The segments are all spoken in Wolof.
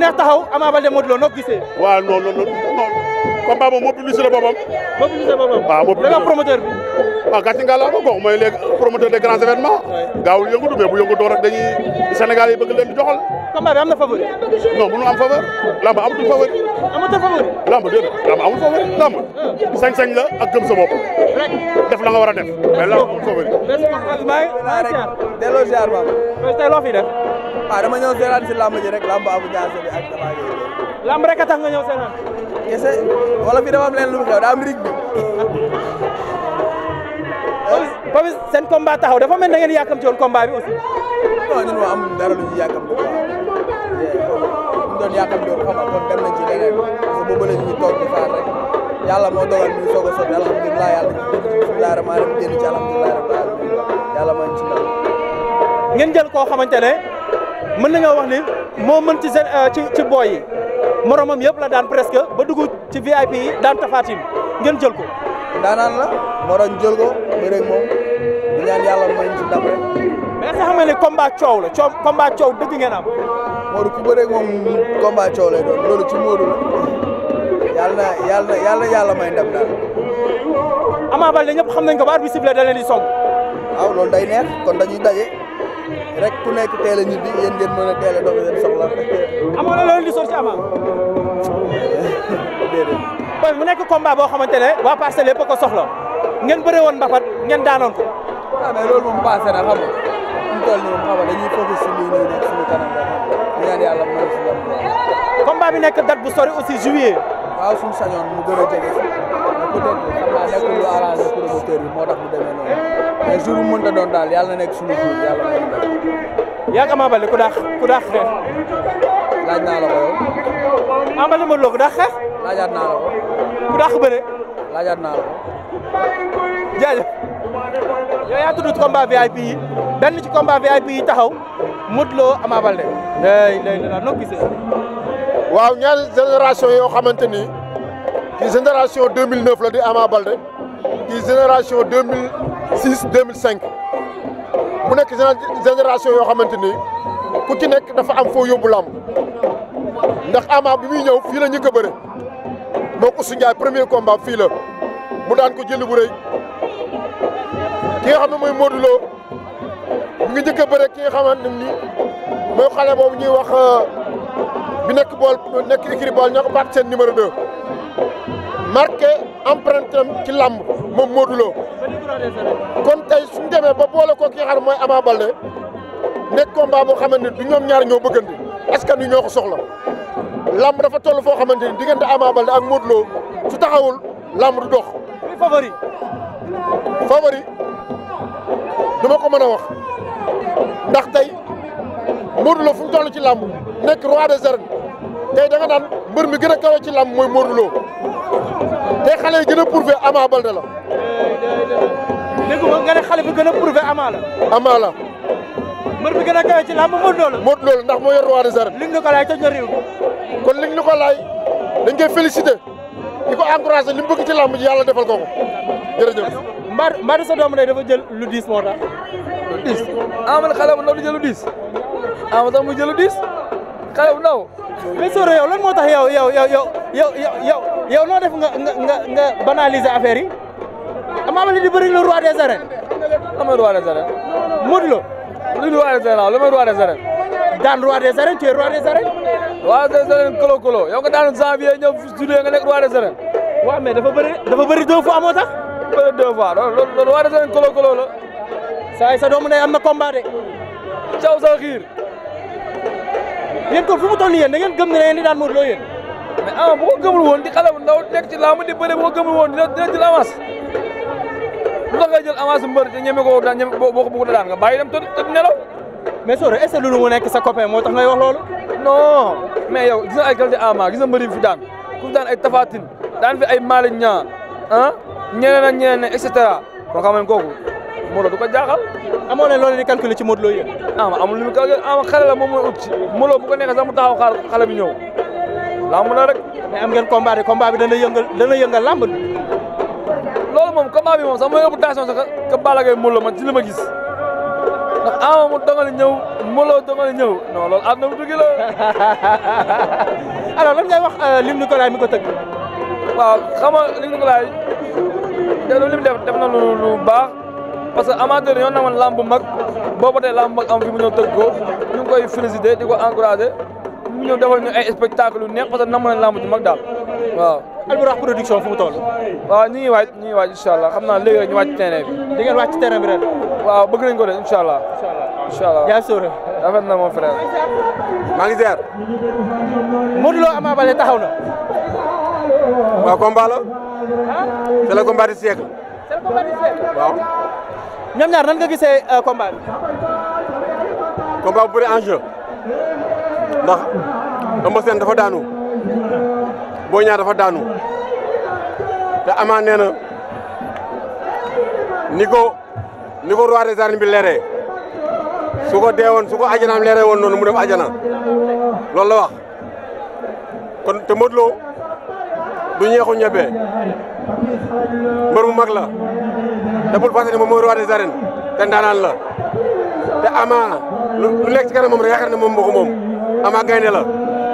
neex taxaw Ama Baldé Modou la boppam. moo publicité boppam waaw moo publicité promoteur bi. waaw ah, gàcce ngalaama gox mooy léegi promoteur des grands événements. gaawul yëngatu mais bu yëngatoo rek dañuy Sénégal yi bëgg leen di joxal. combat bi am na favori. non mënu am favori. lamb amatul favori. amatul favori. lamb favori lamb. sañ-sañ la ak gëm sa bopp. rek def la nga war a def. mais lamb amul favori. merci beaucoup maa ngi lay ziar. waaw dama ñëw seetaan si làmb ji rek làmb Abou Diassé bi ak Tapha Gueye làmb rek a tax nga ñëw seetaan kese wala fi dafa am leen lu mu xew daa am rig bi Papis seen combat taxaw dafa mel na ngeen yàkkam ci woon combat bi aussi non ñun moo am dara lu ñu yàkkam di ñu doon yàkkam doon xam nga kon dem nañ ci leneen parce que boobu la ñu toog di xaar rek yàlla moo dogal ñu soog a sotti alhamdulilah yàlla bisimilah rahmaan rahim génn ci alhamdulilah rabbil alamin yàlla mooy ci ndam ngeen jël koo xamante ne mën nañoo wax ni moo mën ci euh, ci ci booy yi moromam yëpp la daan presque ba dugg ci VIP yi daan tafaatim ngeen jël ko. daanaan la moroom jël ko bëreeg moom di ñaan yàlla may ñu ci ndam rek. mais coow la coow combat coow dëgg ngeen am. Modou ku bëreeg moom combat coow lay doon loolu ci Modou la yàlla na yàlla na yàlla yàlla may ndam daal. Ama Baldé ñëpp xam nañ ko ba arbitre bi sifflé da leen di loolu day neex kon dañuy daje. rek ku nekk teel a ñibbi yéen ngeen mën a teel a doxi seen soxla. amoon na loolu di sor ci Ama. déedéet. mu nekk combat boo xamante ne waa parcelle yëpp a soxla ngeen bëre woon mbapat ngeen daanoon ko. waaw ah, mais loolu moom passé na xam nga fi mu toll nii moom xam nga dañuy focus si lii nii nekk suñu kanam la ñu ñaan yàlla mën si bi nekk date bu sori aussi juillet. waaw suñu sañoon mu gën a jege peut-être xam naa nekkul bi moo tax mu demee noonu. mais jour bu mënta doon daal yàlla na nekk suñu jour yàlla na doon. yaa ngi ku daax ku daax xeex. laaj naa la ko yow. Amady Modou Lo ku daax xeex. laajaat naa la ko. ku daax bëre. laajaat naa la ko. jaajëf. yow yaa tudd combat VIP yi benn ci combat VIP yi taxaw Modou Lo Ama Baldé. day day daal noo gisee. waaw ñaari génération yoo xamante ni. ci génération 2009 la di Ama Baldé ci génération 2000. six deux mille cinq mu nekk génération yoo xamante ni ku ci nekk dafa am foo yóbbu làmb ndax Ama bi muy ñëw fii la ñu ko bëre moo ko Ousseyn Ndiaye premier combat fii la mu daan ko jëli bu rëy ki nga xam ne mooy Modou Lo mu ngi njëkk ki nga xamante ni mooy xale boobu ñuy wax euh, bi nekk bool nekk écrit bool ñoo ko baat seen numéro 2. marqué empreinte ci làmb moom Modou Lo kon tey suñu demee ba boole ko kii xar mooy Ama Baldé nekk combat boo xamante ni du ñoom ñaar ñoo bëggante askan wi ñoo ko soxla lamb dafa toll foo xamante ni diggante Ama Baldé ak Modou Lo su taxawul làmb du dox. favori favori ko mën a wax ndax tey Modou Lo fu mu toll ci làmb nekk roi des arènes tey da nga naan mbër mi gën a kawe ci làmb mooy Modou Lo. te xale yi gën a prouvé a Baldé la. dégg nga ne xale bi gën a Ama la. Ama la. mbër bi gën a kawe ci làmb Modou Lo la. Modou ndax moo yor roi des arènes. liñ ñu ko laay toj na réew kon liñ ko laay dañ koy félicité di ko encouragé li mu bëgg ci làmb ji yàlla defal ko ko jërëjëf. Mbaa Mbaa sa doomu ndey dafa jël lu diis moo tax. lu diis Ama xale bu ndaw di jël diis Ama sax muy jël lu diis. xaw ndaw mais Soro yow lan moo tax yow yow yow yow yow yow yow noo def nga nga nga banaliser affaire yi Ama Baldé bëri le roi des arènes. lan mooy roi des arènes. Modou Lo. lu roi des arènes lan mooy roi des arènes. daan roi des arènes tu es roi des arènes. roi des kolo kolo yow nga daan janvier ñëw juillet nga nekk roi des arènes. waaw mais dafa bëri dafa bëri deux fois moo tax. bëri deux fois loolu roi des kolo kolo la. saa sa doomu ne am na komba de. caw sa xiir. yéen kon fu mu toll nii yéen da gëm ne da ngeen di daan Modou Lo yéen mais ama ah, bu ko gëmul woon di xale bu ndaw nekk ci laamu di bëre bu ko gëmul woon dina dina jël avance lu tax ngay jël avance mbër te ñeme ko daan ñeme boo ko bëgg da daan nga bàyyi dem tëdd tëdd nelaw mais Soro est-ce que loolu mu nekk sa copain moo tax ngay wax loolu non mais yow gis na ay qualité ama gis na mbër yi fi daan ku fi daan ay tafatin daan fi ay Malick Niang ah ñeneen ak ñeneen et cetera kon xam ngeen kooku Modou du ko jaaxal. amoo ne loolu di calculer ci Modou Lo yéen. ah ma amul lu la moom mooy ut ci Modou bu mu taxaw xaar xale bi ñëw lamb na rek. mais am ngeen combat de combat bi dana yëngal dana yëngal lamb. loolu moom combat bi moom sax mooy ëpp tension sax ka Balla Gaye ma Lo man ma gis ndax ama mu dogali ñëw Modou Lo dogali ñëw non loolu àdduna bu dugg la. alors lan ngay wax euh, lim Nicolas mi ko tëgg. waaw xam nga lim Nicolas te lu lim def def na lu lu parce que amateur ñoo namoon lamb bu mag booba tey mag am fi mu ñëw tëgg ko ñu ngi koy félicité di ko encouragé mu ñëw defal ñu ay spectacle yu neex parce que namoon lamb bu mag daal waaw. Albourakh production fu mu toll. waaw ñu ngi waaj ñu ngi waaj incha am naa léegi rek ñu wàcc terrain bi. di ngeen wàcc waaw bëgg nañ ko de incha allah. incha allah yaa sóor na mon frère. maa ngi ziar. Modou Lo Ama Baldé taxaw na. waaw combat la. c'est waaw. ñoom ñaar nan nga gisee euh, combat bi. combat bu bëri enjeu ndax Eumeu dafa daanu boo ñaar dafa daanu te Ama nee ni ko ni ko roi des bi leeree su ko dee woon su ko ajanaam leeree woon noonu mu dem ajana loolu la wax kon te Modou du ñeexu ñebe mbër mu mag la te bul fàtte ni moom mooy roi des arènes la te ama lu nekk ci kanam moom rek ne moom moo ko moom ama la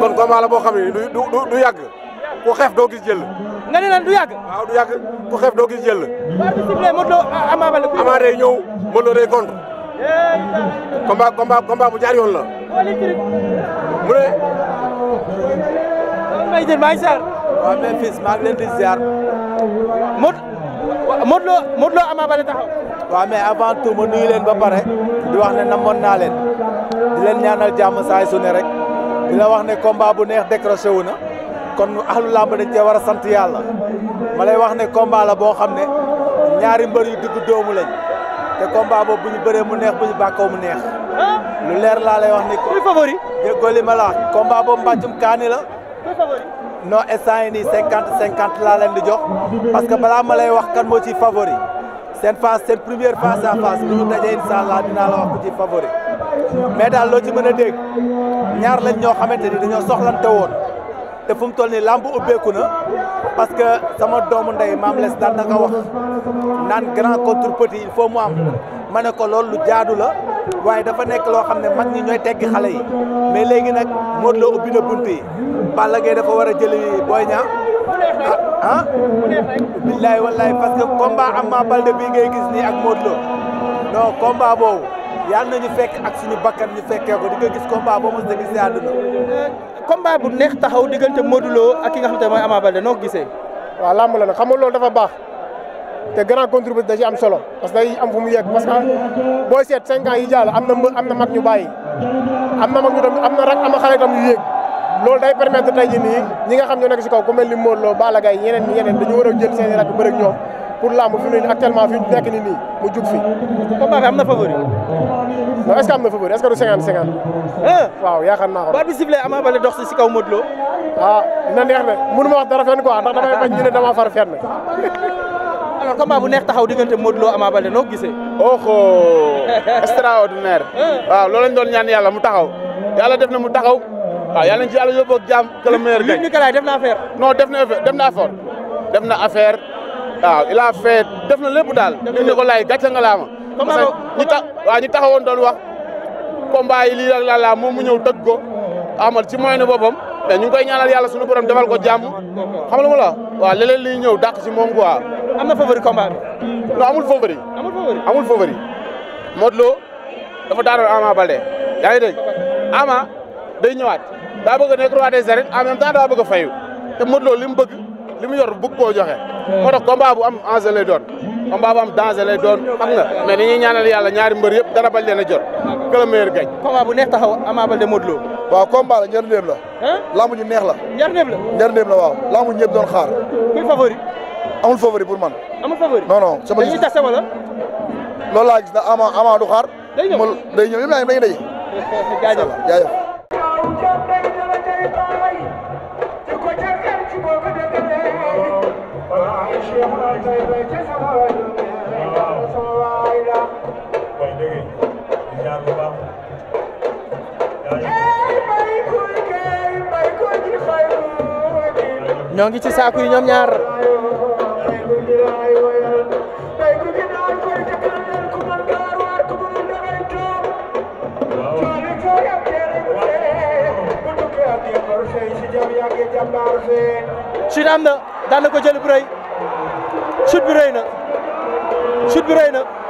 kon combat la boo xam ne du du yàgg ku xeef doo gis jël. nga ne lan du yàgg. waaw du yàgg ku xeef doo gis jël. Ah, ama Baldé. Ama day ñëw Modou Lo day contre. combat bu jaar la. mu ne. maa ngi jël maa ngi waa mais fils maa ngi leen di ziar. Modou Modou Lo Modou Lo Ama Baldé taxaw. waaw mais avant tout ma nuyu leen ba pare di wax ne namoon naa leen di leen ñaanal jàmm saay su ne rek di la wax ne combat bu neex décroché wu na kon ahlu làmb dañ cee war a sant yàlla wax ne combat la boo xam ne ñaari mbër yu diggu doomu lañ te combat boobu bu ñu bëree mu neex bu ñu bàkkoo mu neex ah. lu leer laa lay wax ni. kuy favori déggoo li ma la wax combat boobu mbàccum kaani la. non instant yii nii cinquante cinquante laa leen di jox parce que balaa ma lay wax kan moo ciy favori seen face seen première face à face bu ñu dajee dinaa la wax ku ciy favori mais daal loo ci mën a dégg ñaar lañ ñoo xamante ni dañoo soxlante woon te fu mu toll nii làmb ubbeeku na parce que sama doomu ndey maam les daan na ko wax naan grand contre petit il mu am ma ne ko loolu lu jaadu la. waaye dafa nekk loo xam ne mag ñi ñooy teggi xale yi mais léegi nag Modou Lo ubbi na bunt yi Balla Gaye dafa war a jëli Boy Niang ah, ah. billaay wallaay parce que combat Ama Baldé bii ngay gis nii ak Modou Lo non combat boobu yàlla na ñu fekk ak suñu bakkan ñu fekkee ko di nga gis combat boo mos a gis àdduna combat bu neex taxaw diggante Modou Lo ak i nga xam te mooy Ama Baldé noo ko gisee waaw làmb la nag xam nga loolu dafa baax te grand contributeur da ci am solo parce que day am fu mu yegg parce que booy seet cinq ans yi jàll am na am ñu bàyyi am na mag ñu tam am na rak am na xale tam yu yéeg loolu day permettre tey jii nii ñi nga xam ñoo nekk si kaw ku mel ni Modou Lo Balla Gaye yeneen yeneen war a jël seen i rak bëri ak ñoom pour fi mu ne actuellement fi mu jug fi. combat bi am na favori. non est ce que am na favori est ce que du 50 50. waaw yaakaar naa ko. baat si si kaw Modou Lo. ah dina neex ne mënu ma wax alors combat bu neex taxaw diggante Modou Lo Ama Baldé noo gisee. oh extraordinaire. waaw loolu lañ doon ñaan yàlla mu taxaw. yàlla def na mu taxaw. waaw yàlla nañ ci yàlla yóbboo ak jàmm. que le meilleur gagne def na affaire. non def na affaire def na affaire. def waaw il a def na lépp daal. def na lépp Nicolas gàcce laa ma. parce que ñu tax ñi ñu taxawoon doon wax. combat baa lii la la la moom mu ñëw tëgg ko amal ci moyen boppam. mais ñu ngi koy ñaanal yàlla sunu borom defal ko jàmm. xam nga lu la waaw leneen liy ñëw dàq ci moom quoi. am na favori combat bi. non amul favori. amul favori amul loo Modou Lo dafa daanoon Ama Baldé yaa ngi dégg Ama day ñëwaat daa bëgg a nekk roi des daa bëgg a fayu te Modou loo li mu bëgg li mu yor buk koo joxe. moo tax combat bu am enjeu lay doon. combat bu am danger lay doon xam nga mais ni ñuy ñaanal yàlla ñaari mbër yëpp dara bañ leen a jot. que le meilleur gagne. combat bu neex taxaw Ama Baldé Modou Lo. waaw combat la ñaar ndéem la. lamb ju neex la. ñaar ndéem la waaw lamb ñëpp doon amul favori pour man. amul favori non non. sama gis dañuy tase wala. loolu laa gis na ama ama du xaar. day ñëw day ñëw yëpp dañuy daje. jaajëf jaajëf. ñoo ngi ci saako yi ñoom ñaar. chute am na daan na ko jël bu rëy na chute bi na.